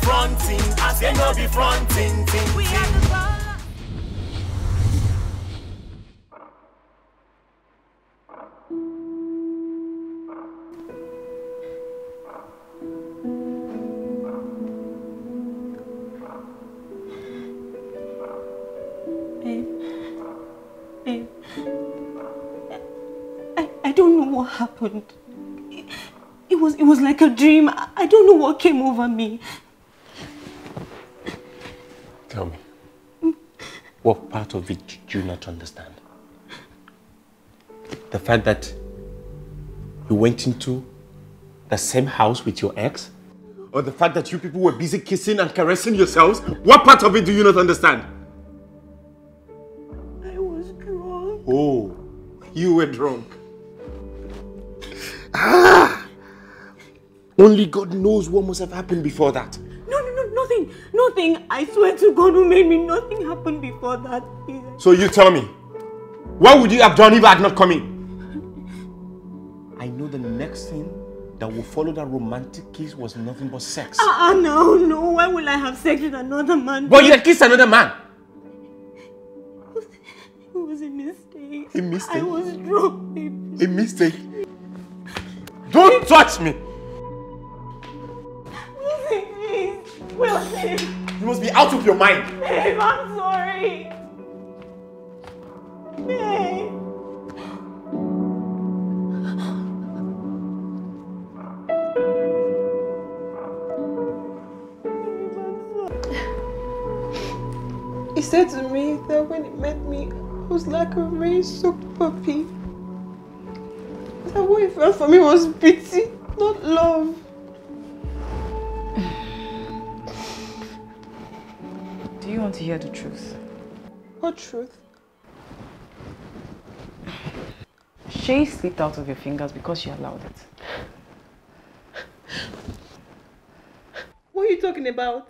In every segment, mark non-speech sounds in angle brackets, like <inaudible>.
fronting, eh. Eh. Eh. I say no be fronting, ting, We have to run. happened. It, it, was it was like a dream. I, I don't know what came over me. Tell me. What part of it do you not understand? The fact that you went into the same house with your ex? Or the fact that you people were busy kissing and caressing yourselves? What part of it do you not understand? I was drunk. Oh, you were drunk. Ah! Only God knows what must have happened before that. Nothing, nothing. I swear to God who made me, nothing happened before that. So you tell me, what would you have done if I had not come in? I know the next thing that will follow that romantic kiss was nothing but sex. Ah, uh, no, no. Why would I have sex with another man? But you kissed another man. It was, it was a mistake. A mistake? I was drunk. Baby. A mistake? Don't touch me! You must be out of your mind! Babe, I'm sorry! Babe! He said to me that when he met me, I was like a raised puppy. That what he felt for me was pity, not love. you want to hear the truth. What truth? Shay slipped out of your fingers because you allowed it. What are you talking about?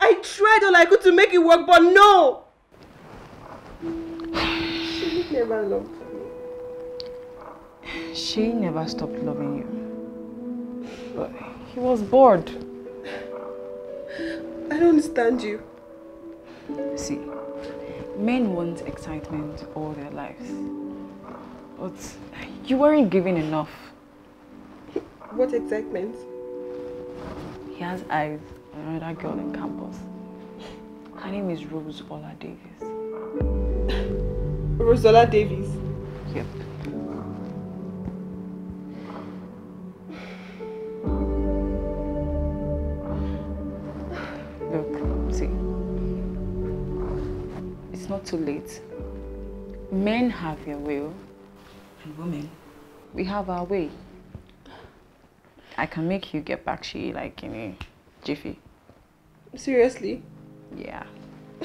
I tried all I could to make it work, but no! She never loved me. She never stopped loving you. But he was bored. I don't understand you. See, men want excitement all their lives. But you weren't giving enough. What excitement? He has eyes on another girl in campus. Her name is Rosola Davis. Rosola Davis? too late. Men have their will. Oh. And women? We have our way. I can make you get back to you like in a jiffy. Seriously? Yeah.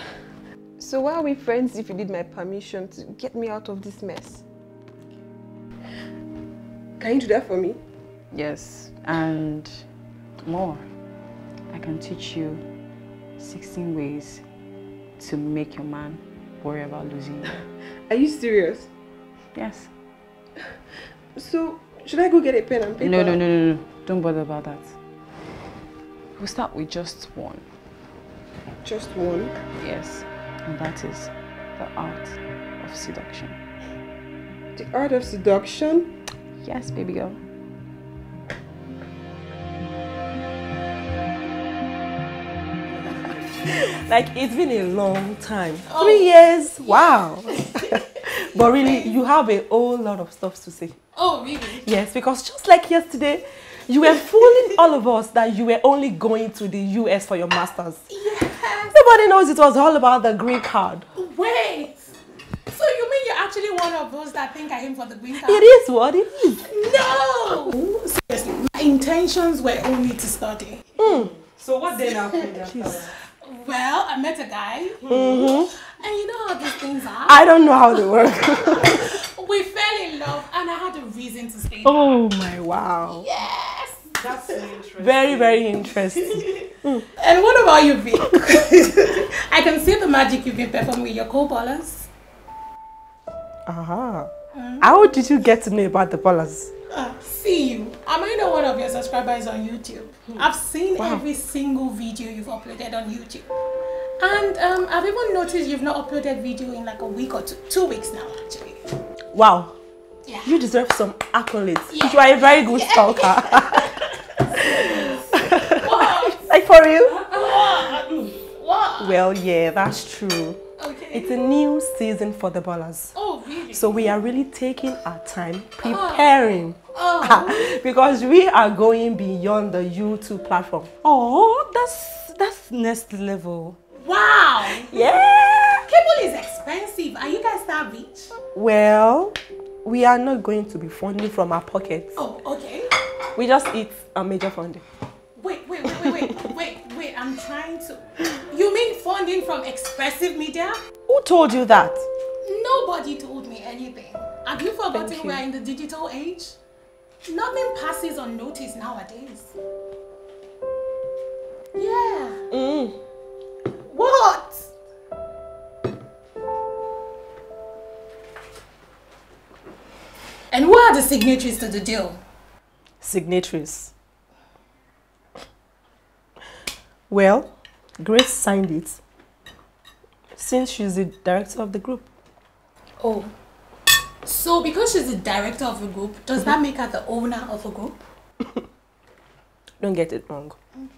<laughs> so why are we friends if you need my permission to get me out of this mess? Can you do that for me? Yes, and more. I can teach you 16 ways to make your man worry about losing you. <laughs> Are you serious? Yes. So, should I go get a pen and paper? No, no, no, no, no. Don't bother about that. We'll start with just one. Just one? Yes. And that is the art of seduction. The art of seduction? Yes, baby girl. like it's been a long time. Oh. Three years. Wow. <laughs> but really, you have a whole lot of stuff to say. Oh, really? Yes, because just like yesterday, you were fooling all of us that you were only going to the US for your masters. Yes. Nobody knows it was all about the green card. Wait. So you mean you're actually one of those that think I came for the green card? It is what it is. No. Seriously, my intentions were only to study. Mm. So what then happened? Well, I met a guy. Mm-hmm. And you know how these things are. I don't know how they work. <laughs> we fell in love and I had a reason to stay. Oh there. my wow. Yes. That's interesting. Very, very interesting. <laughs> And what about you, Vic? <laughs> I can see the magic you've been performing with your co-ballers. Aha. Uh -huh. mm. Mm-hmm. How did you get to know about the ballers? Ah, see you. Am I not one of your subscribers on YouTube? Hmm. I've seen wow. every single video you've uploaded on YouTube. And um, I've even noticed you've not uploaded video in like a week or two, two weeks now actually. Wow. Yeah. You deserve some accolades. Yeah. You are a very good yeah. stalker. <laughs> <laughs> like for you. What? Well, yeah, that's true. Okay. It's a new season for the ballers. Oh, so we are really taking our time preparing. Oh. Oh. <laughs> because we are going beyond the YouTube platform. Oh, that's that's next level. Wow. Yeah. Cable is expensive. Are you guys that rich? Well, we are not going to be funding from our pockets. Oh, okay. We just eat a major funding. Wait, wait, wait, wait, wait, wait, wait. I'm trying to. You mean funding from expressive media? Who told you that? Nobody told me anything. Have you forgotten you. we're in the digital age? Nothing passes unnoticed nowadays. Yeah. Mm. What? And who are the signatories to the deal? Signatories? Well, Grace signed it since she's the director of the group. Oh. So because she's the director of a group, does mm -hmm. that make her the owner of a group? <laughs> Don't get it wrong. Okay.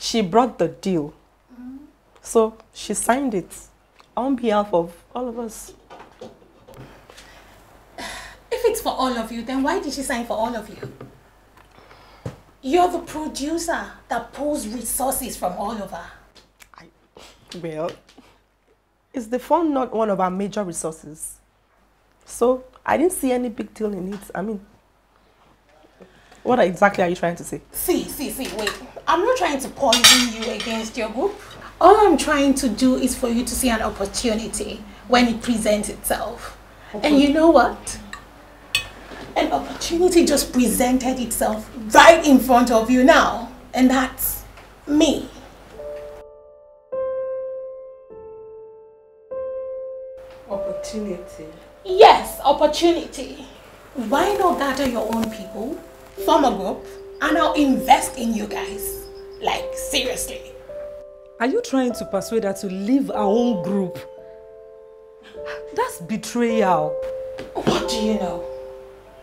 She brought the deal. Mm -hmm. So she signed it on behalf of all of us. If it's for all of you, then why did she sign for all of you? You're the producer that pulls resources from all over. I, well, is the phone not one of our major resources? So I didn't see any big deal in it. I mean, what exactly are you trying to say? See, see, see, wait. I'm not trying to poison you against your group. All I'm trying to do is for you to see an opportunity when it presents itself. Okay. And you know what? An opportunity just presented itself right in front of you now. And that's me. Opportunity. Yes, opportunity. Why not gather your own people, form a group, and I'll invest in you guys. Like, seriously. Are you trying to persuade her to leave our own group? That's betrayal. What do you know?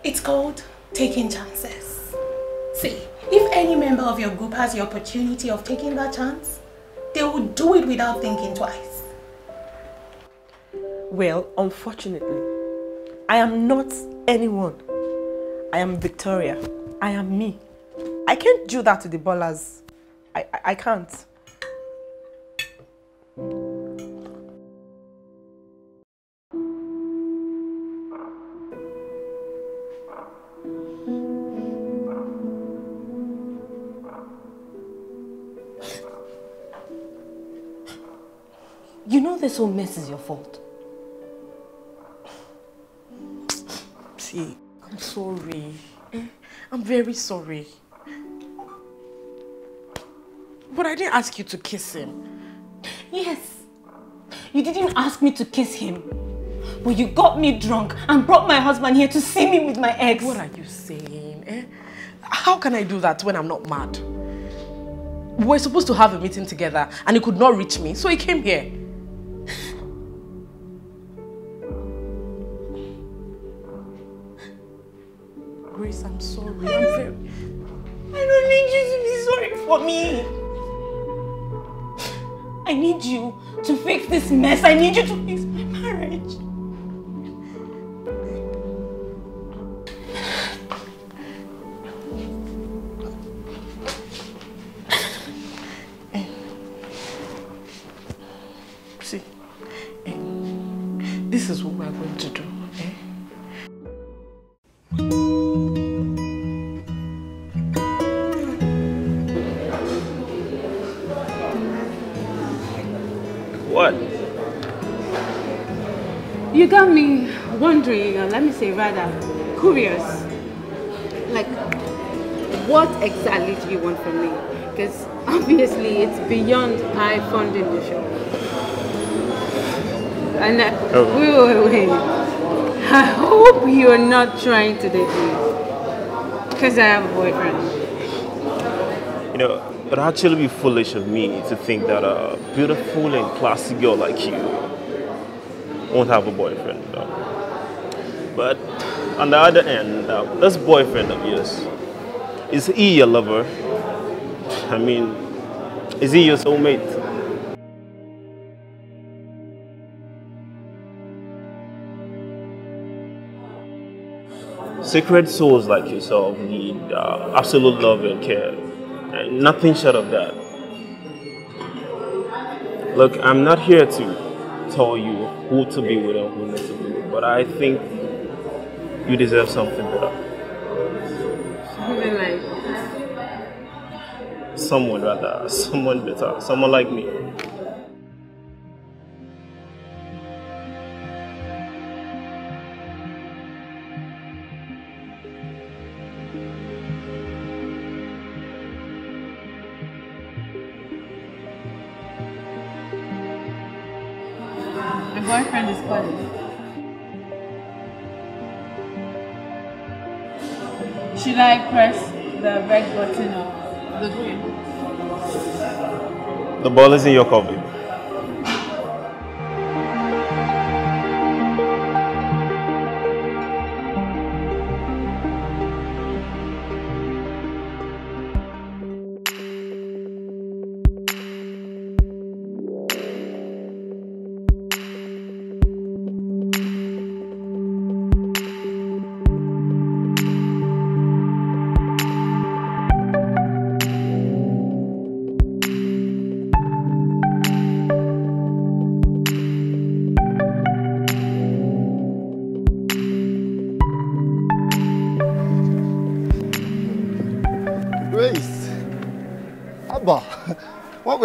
It's called taking chances. See, if any member of your group has the opportunity of taking that chance, they will do it without thinking twice. Well, unfortunately, I am not anyone. I am Victoria. I am me. I can't do that to the ballers. I, I, I can't. You know this whole mess is your fault. auntie, I'm sorry. Eh, I'm very sorry. But I didn't ask you to kiss him. Yes. You didn't ask me to kiss him. But you got me drunk and brought my husband here to see me with my ex. What are you saying? Eh? How can I do that when I'm not mad? We were supposed to have a meeting together and he could not reach me, so he came here. 你就。I in the shop. And I, oh. <laughs> wait, wait, wait. I hope you're not trying to date me. Because I have a boyfriend. You know, it actually be foolish of me to think that a beautiful and classy girl like you won't have a boyfriend. No. But on the other end, uh, this boyfriend of yours, is he your lover? I mean, is he your soulmate? Sacred souls like yourself need uh, absolute love and care, and nothing short of that. Look, I'm not here to tell you who to be with and who not to be with, but I think you deserve something better. Human like Someone rather, someone better, someone like me. the ball is in your coffee.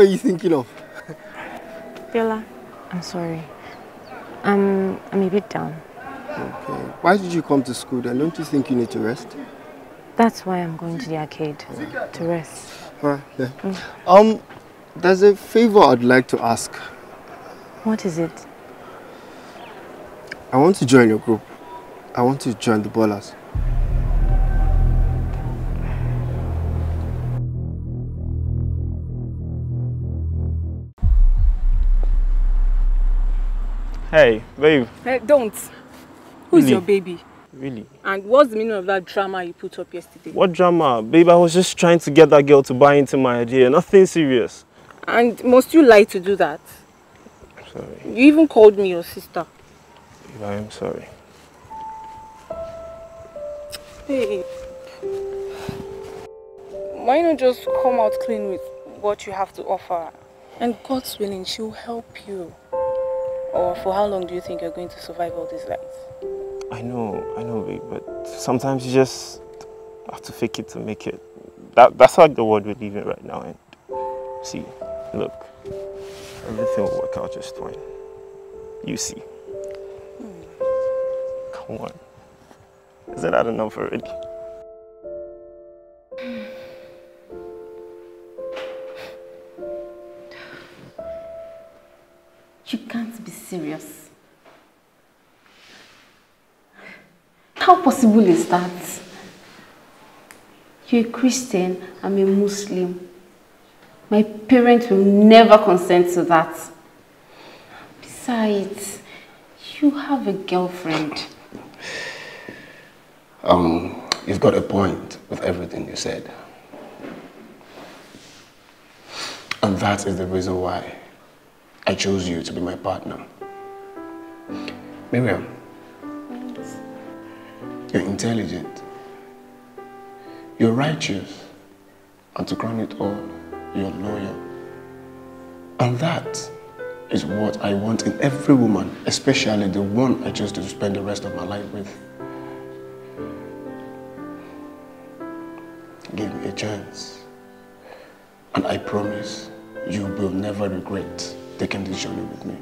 are you thinking of? Bella, I'm sorry. I'm I'm a bit down. Okay. Why did you come to school then? Don't you think you need to rest? That's why I'm going to the arcade, yeah. to rest. Right, yeah. mm. Um, there's a favor I'd like to ask. What is it? I want to join your group. I want to join the ballers. Hey, babe. Hey, eh, don't. Who's really? your baby? Really? And what's the meaning of that drama you put up yesterday? What drama? Babe, I was just trying to get that girl to buy into my idea. Nothing serious. And must you lie to do that? I'm sorry. You even called me your sister. Babe, I am sorry. Hey. Why not just come out clean with what you have to offer? And God's willing, she'll help you. Or for how long do you think you're going to survive all these lies? I know, I know, babe, but sometimes you just have to fake it to make it. That, that's like the world we are living right now. And see, look, everything will work out just fine. You see. Hmm. Come on. Isn't that enough already? <sighs> <laughs> You can't be serious. How possible is that? You're a Christian, I'm a Muslim. My parents will never consent to that. Besides, you have a girlfriend. Um, you've got a point with everything you said. And that is the reason why I chose you to be my partner. Miriam. You're intelligent. You're righteous. And to crown it all, you're loyal. And that is what I want in every woman, especially the one I chose to spend the rest of my life with. Give me a chance. And I promise you will never regret taking this journey with me.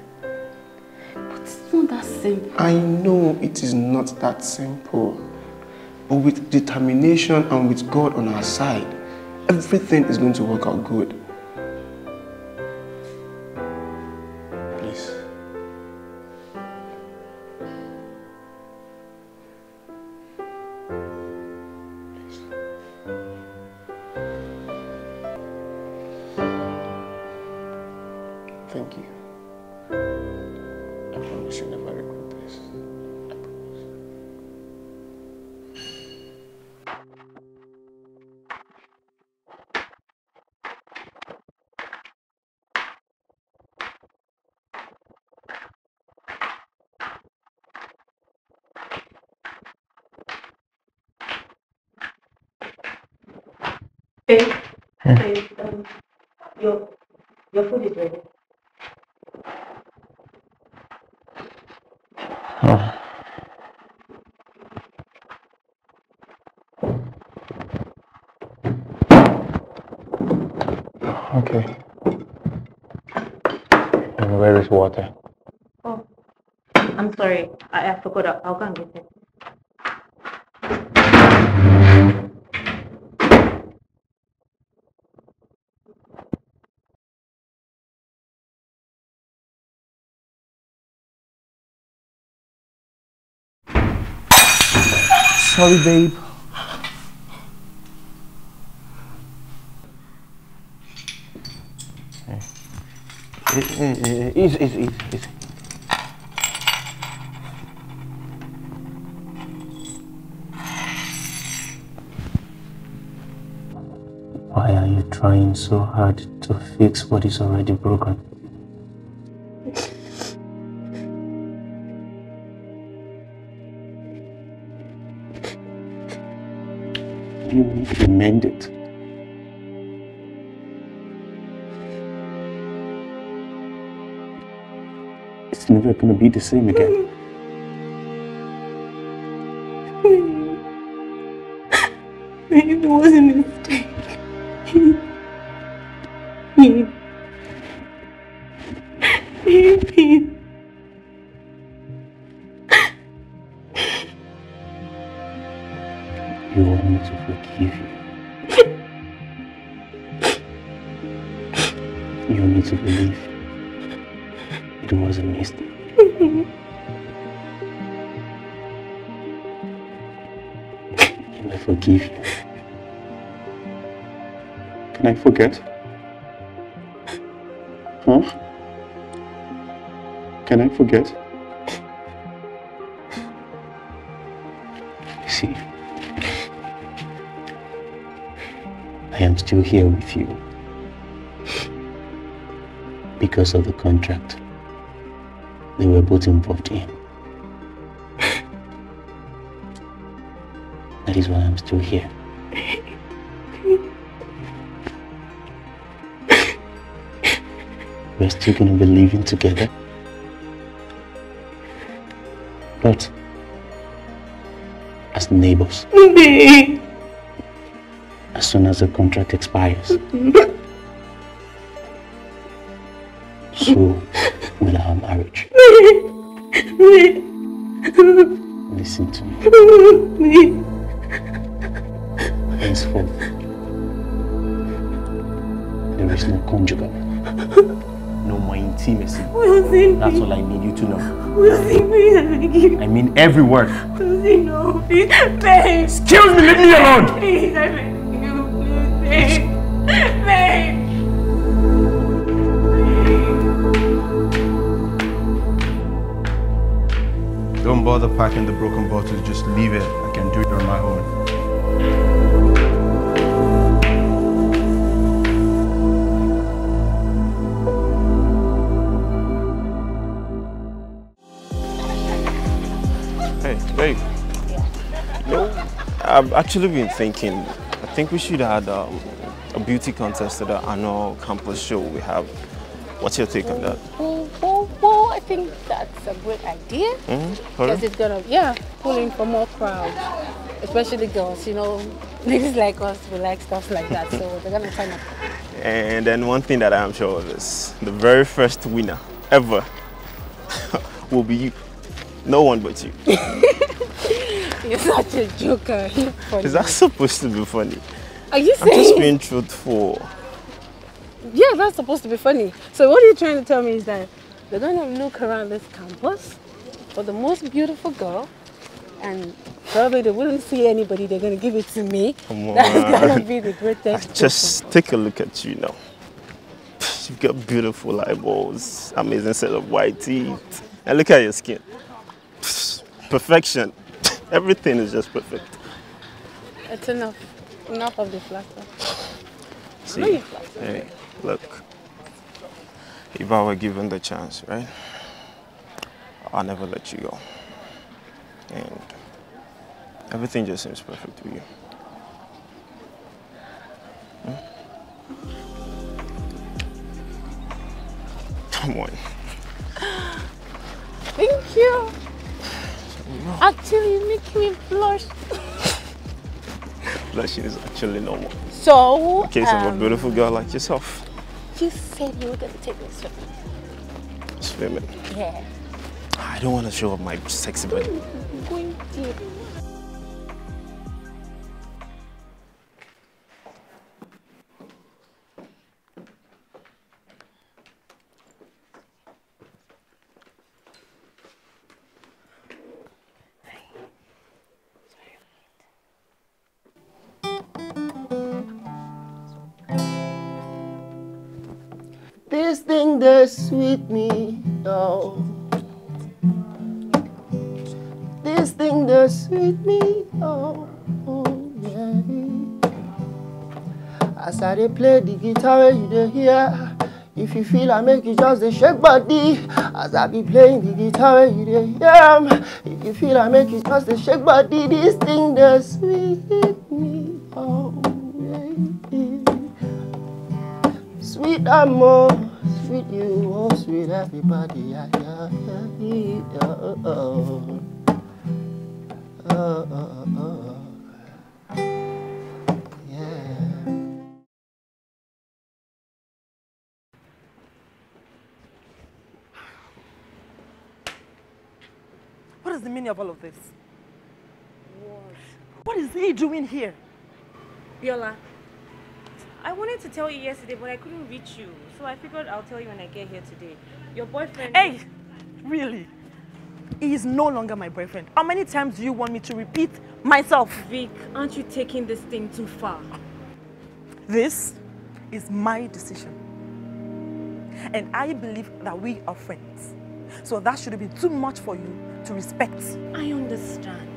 But it's not that simple. I know it is not that simple. But with determination and with God on our side, everything is going to work out good. thank you. I promise you never regret this. I promise. Hey, hey um, your, your food is ready. water. Oh, I'm sorry. I, I forgot. I'll go and get it. Sorry, babe. Hey. Easy, easy, easy, easy. Why are you trying so hard to fix what is already broken? you need to mend it. never gonna be the same again. pocket. Huh? Can I forget? You see, I am still here with you because of the contract they were both involved in. That is why I'm still here. we're still going to be living together. But as neighbors. Me. As soon as the contract expires. so will our marriage. Me. Listen to me. Me. Henceforth, there is no conjugal see Wilson, That's all I need you to know. Wilson, please, I beg you. I mean every word. Wilson, no, please, babe. Excuse me, leave me alone. Please, I beg you, please, Babe. Don't bother packing the broken bottles, just leave it. I can do it on my own. I've actually been thinking, I think we should add um, a beauty contest to the annual campus show we have. What's your take on that? Oh, well, I think that's a good idea. Mm-hmm. Because mm -hmm. it's going to, yeah, pull in for more crowds, especially girls, you know. <laughs> Ladies like us, we like stuff like that, so we're going to find out. And then one thing that I am sure of is the very first winner ever <laughs> will be you. No one but you. <laughs> <laughs> You're such a joker. Is that supposed to be funny? Are you saying? I'm just being truthful. Yeah, that's supposed to be funny. So what are you trying to tell me is that they're going to look around this campus for the most beautiful girl and probably they wouldn't see anybody. They're going to give it to me. Come <laughs> on. That's going to be the greatest. <laughs> Just take a look at you now. You've got beautiful eyeballs, amazing set of white teeth, and look at your skin. Perfection. Everything is just perfect. It's enough. Enough of the flatter. See, hey, look. If I were given the chance, right, I'll never let you go. And everything just seems perfect to you. Hmm? Come on. Thank you. Actually, you make me blush. <laughs> Blushing is actually normal. So, in case um, of a um, beautiful girl like yourself. You said you were going to take me swimming. Swimming? Yeah. I don't want to show off my sexy body. I'm going deep. this thing that's sweet me, oh. This thing that's sweet me, oh, oh yeah. As I dey play the guitar, you dey hear. If you feel I make you just a shake body As I be playing the guitar you dey hear If you feel I make you just a shake body This thing dey sweet me oh yeah, yeah. Sweet amour with you, oh sweet everybody. Yeah, yeah, yeah, yeah, oh, oh. Oh, oh, oh. What is the meaning of all of this? What? What is he doing here? Viola. I wanted to tell you yesterday, but I couldn't reach you. So I figured I'll tell you when I get here today. Your boyfriend... Hey! Really? He is no longer my boyfriend. How many times do you want me to repeat myself? Vic, aren't you taking this thing too far? This is my decision. And I believe that we are friends. So that should be too much for you to respect. I understand.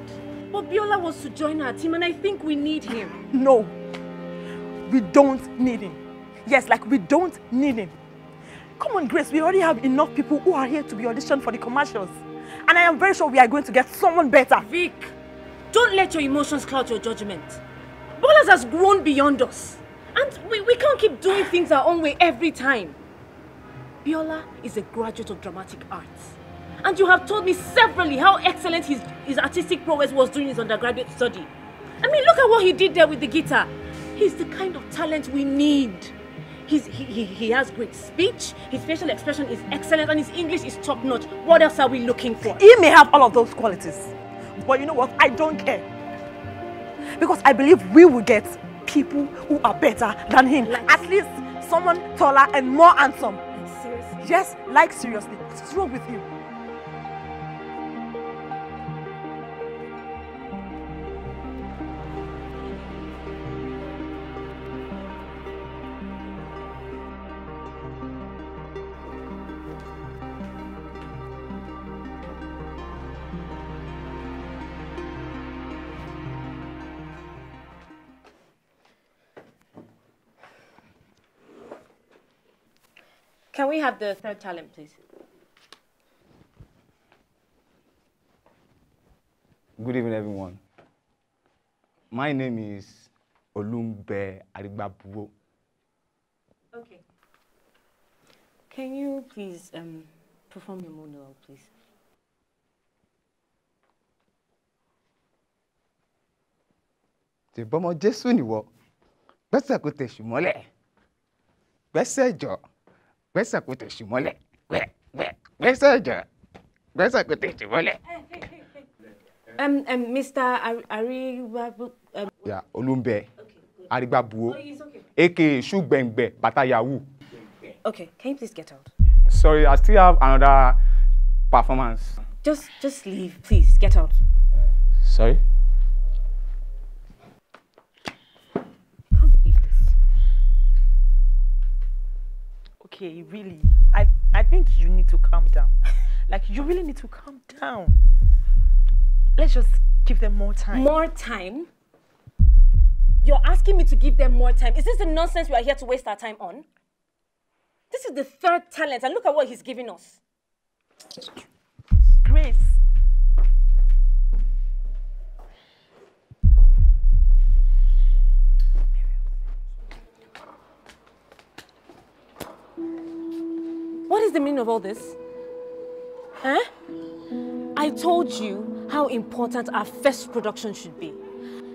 But Biola wants to join our team and I think we need him. no. We don't need him. Yes, like we don't need him. Come on, Grace, we already have enough people who are here to be auditioned for the commercials. And I am very sure we are going to get someone better. Vic, don't let your emotions cloud your judgment. Bolas has grown beyond us. And we, we can't keep doing things our own way every time. Biola is a graduate of dramatic arts. And you have told me severally how excellent his, his artistic prowess was during his undergraduate study. I mean, look at what he did there with the guitar. He's the kind of talent we need. He's, he, he, he has great speech, his facial expression is excellent, and his English is top notch. What else are we looking for? He may have all of those qualities. But you know what? I don't care. Because I believe we will get people who are better than him. Like At least someone taller and more handsome. Seriously? Yes, like seriously. What's wrong with you? Can we have the third talent, please? Good evening, everyone. My name is Olumbe Arigbabuwo. Okay. Can you please um, perform your monologue, please? tìbọmọ Jésù nìwọ gbẹ́sẹ̀ kò tẹ̀sù mọ́lẹ̀ gbẹ́sẹ̀ jo gbẹ́sẹ̀ kò tẹ̀sí mọ́lẹ̀ gbẹ́sẹ̀ ẹ̀jọ̀ gbẹ́sẹ̀ kò tẹ̀sí mọ́lẹ̀. Um, um, Mr. Ariwa. Um... Yeah, Olumbe. Okay, Arigbabuo. Oh, he's okay. Okay, can you please get out? Sorry, I still have another performance. Just, just leave, please. Get out. Sorry? okay, really, I, I think you need to calm down. <laughs> like, you really need to calm down. Let's just give them more time. More time? You're asking me to give them more time. Is this the nonsense we are here to waste our time on? This is the third talent, and look at what he's giving us. Grace, What is the meaning of all this? Huh? I told you how important our first production should be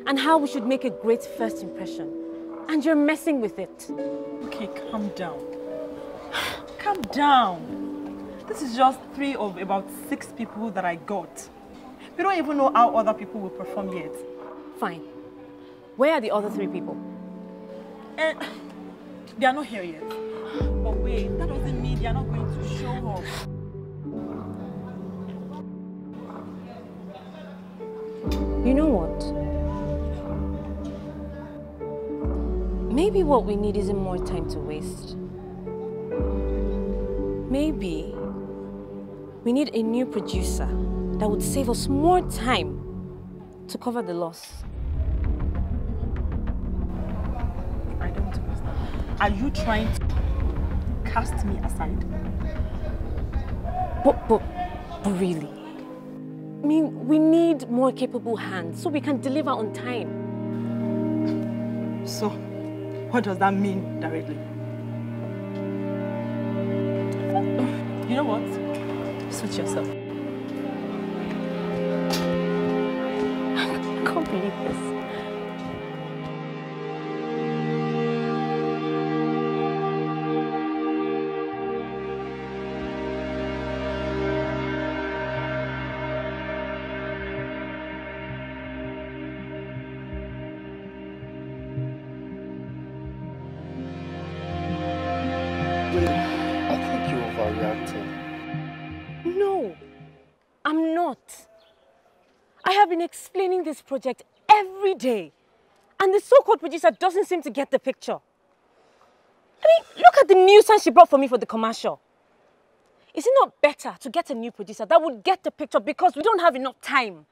and how we should make a great first impression. And you're messing with it. Okay, calm down. <sighs> calm down. This is just three of about six people that I got. We don't even know how other people will perform yet. Fine. Where are the other three people? Uh, they are not here yet. But wait, that doesn't mean they're not going to show up. You know what? Maybe what we need isn't more time to waste. Maybe we need a new producer that would save us more time to cover the loss. I don't understand. Are you trying to cast me aside? But, but, but really? I mean, we need more capable hands so we can deliver on time. So, what does that mean directly? You know what? Suit yourself. <laughs> I can't believe this. this project every day. And the so-called producer doesn't seem to get the picture. I mean, look at the new sign she brought for me for the commercial. Is it not better to get a new producer that would get the picture because we don't have enough time?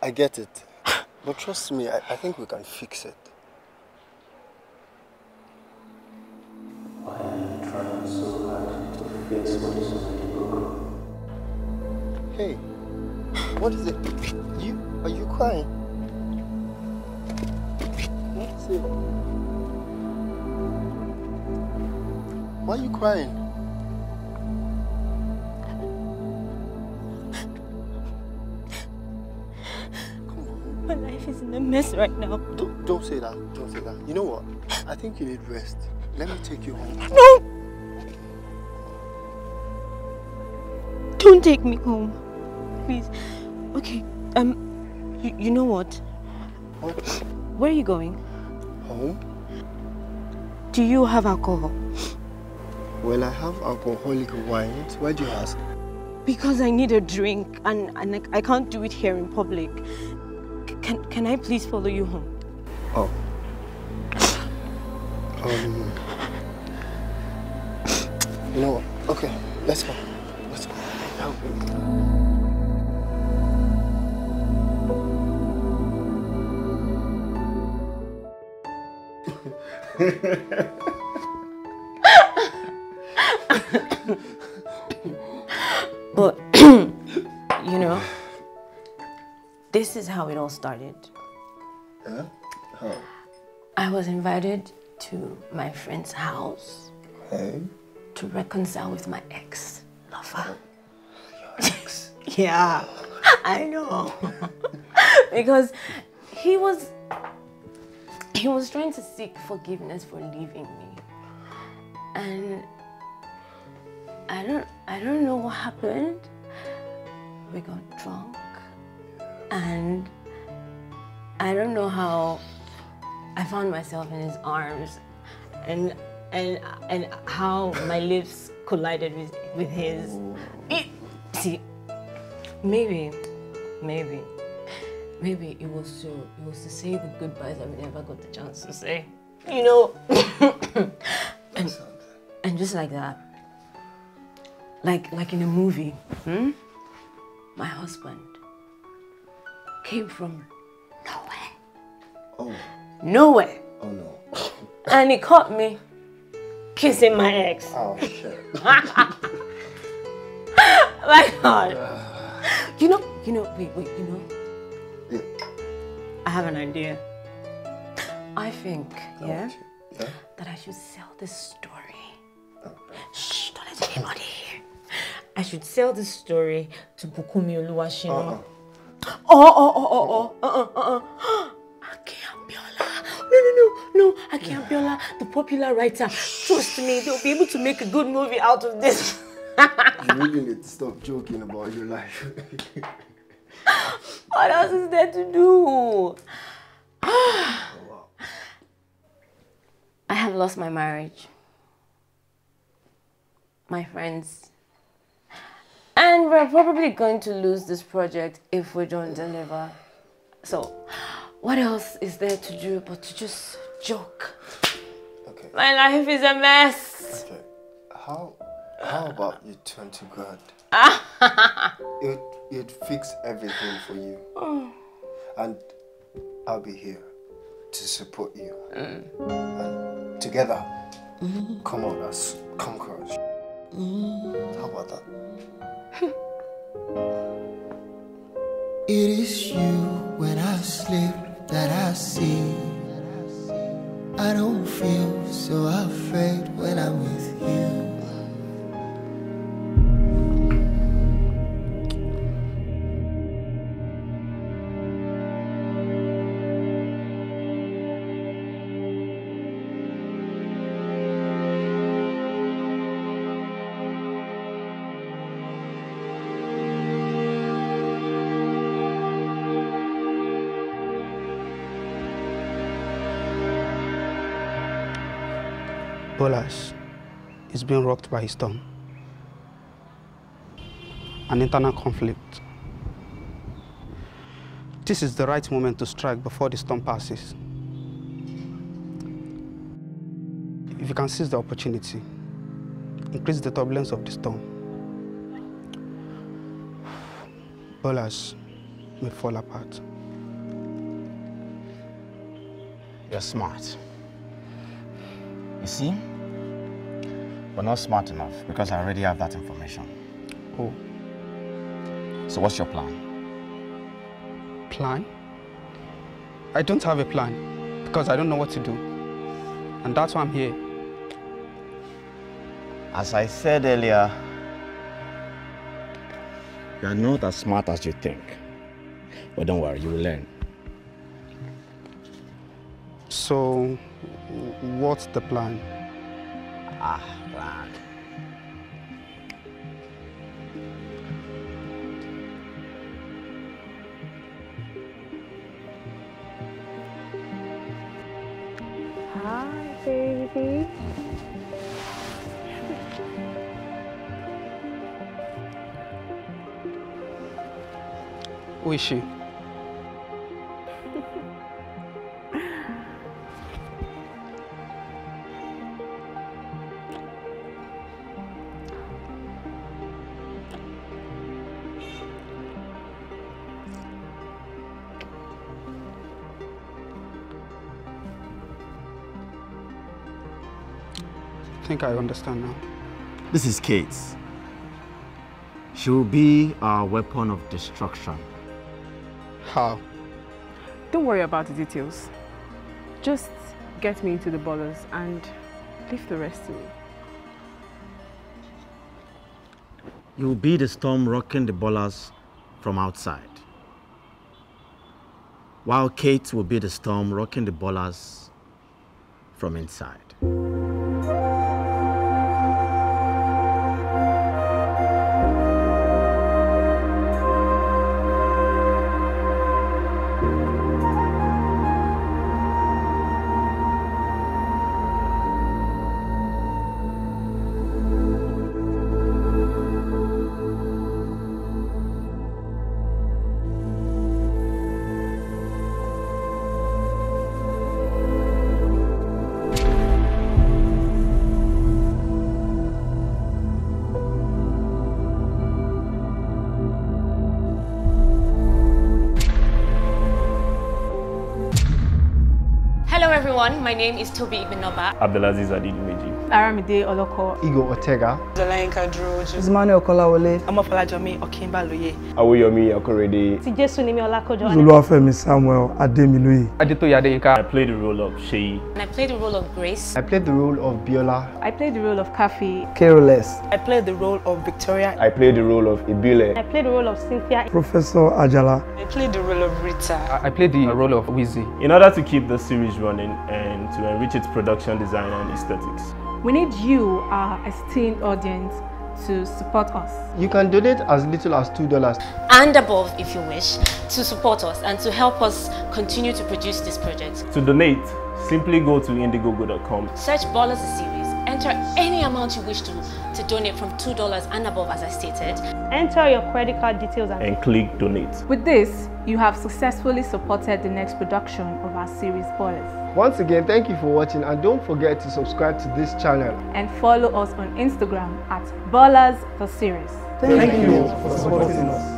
I get it. <sighs> but trust me, I, I think we can fix it. Hey, what is it? You... Are you crying? What's it? Why are you crying? My life is in a mess right now. Don't, don't say that. Don't say that. You know what? I think you need rest. Let me take you home. No! Don't take me home. Please. Okay, um, you, you know what? What? Where are you going? Home. Do you have alcohol? Well, I have alcoholic wines. Why do you ask? Because I need a drink and, and I, I can't do it here in public. can, can I please follow you home? Oh. Um. No. Okay. Let's go. Let's go. Help me. but, <coughs> you know, this is how it all started. Huh? I was invited to my friend's house hey. to reconcile with my ex lover. Oh, <laughs> ex? yeah, I know. <laughs> because he was he was trying to seek forgiveness for leaving me. And I don't I don't know what happened. We got drunk and I don't know how I found myself in his arms and and and how my lips collided with, with his. It, see, maybe, maybe maybe it was to it was to say the goodbyes that we never got the chance to say. You know <coughs> and, and just like that. Like like in a movie, hmm? My husband came from nowhere. Oh. Nowhere. Oh no. <coughs> and he caught me kissing my ex. Oh shit. <laughs> my god. <sighs> you know, you know, wait, wait, you know. I have an idea. I think, yeah, yeah, that I should sell this story. Oh, Shh, don't let anybody hear. I should sell this story to Bukumi Oluwashino. Uh-uh. Oh, oh, oh, oh, oh, uh-uh, uh-uh. Akin Abiola. No, no, no, no. Akin yeah. Abiola, the popular writer. Trust me, they'll be able to make a good movie out of this. you really need to stop joking about your life. <laughs> what else is there to do? <sighs> I have lost my marriage, my friends, and we're probably going to lose this project if we don't deliver. So, what else is there to do but to just joke? Okay. My life is a mess. Okay. How, how about you turn to God? it <laughs> It fixed everything for you. Oh. And I'll be here to support you. Mm. And together, mm come on, us conquerors. Mm. How about that? <laughs> it is you when I sleep that I see. I don't feel so afraid when I'm with you. hours is being rocked by a storm, an internal conflict. This is the right moment to strike before the storm passes. If you can seize the opportunity, increase the turbulence of the storm. Bolas may fall apart. You're smart. You see? but not smart enough because I already have that information. Oh. So what's your plan? Plan? I don't have a plan because I don't know what to do. And that's why I'm here. As I said earlier, you are not as smart as you think. But don't worry, you will learn. So, what's the plan? Ah, o'clock. Hi, baby. Who is she? think I understand now. This is Kate. She will be our weapon of destruction. How? Don't worry about the details. Just get me into the ballers and leave the rest to me. You'll be the storm rocking the ballers from outside. While Kate will be the storm rocking the ballers from inside. everyone. My name is Toby Ibn Abdelaziz Aramide Oloko, Igor Ortega, Olayinka Duro-Ojo, Emmanuel Kolawole, Omofolajomi Okinbaloye, Awoyomi Akorede, Tijesunimi Olakojo, Oluwafemi Samuel Ademiloye, Adetoye Adeyinka. I played the role of Sheyi. And I played the role of Grace. I played the role of Biola. I played the role of Kafi. Careless. I played the role of Victoria. I played the role of Ibile. I played the role of Cynthia. Professor Ajala. I played the role of Rita. I played the role of Wizzy. In order to keep the series running and to enrich its production design and aesthetics, We need you, our esteemed audience, to support us. You can donate as little as $2 and above if you wish to support us and to help us continue to produce this project. To donate, simply go to indiegogo.com. Search Ballers Series Enter any amount you wish to, to donate from $2 and above as I stated. Enter your credit card details and, and click donate. With this, you have successfully supported the next production of our series Ballers. Once again, thank you for watching and don't forget to subscribe to this channel. And follow us on Instagram at Ballers for Series. Thank, thank you for supporting us.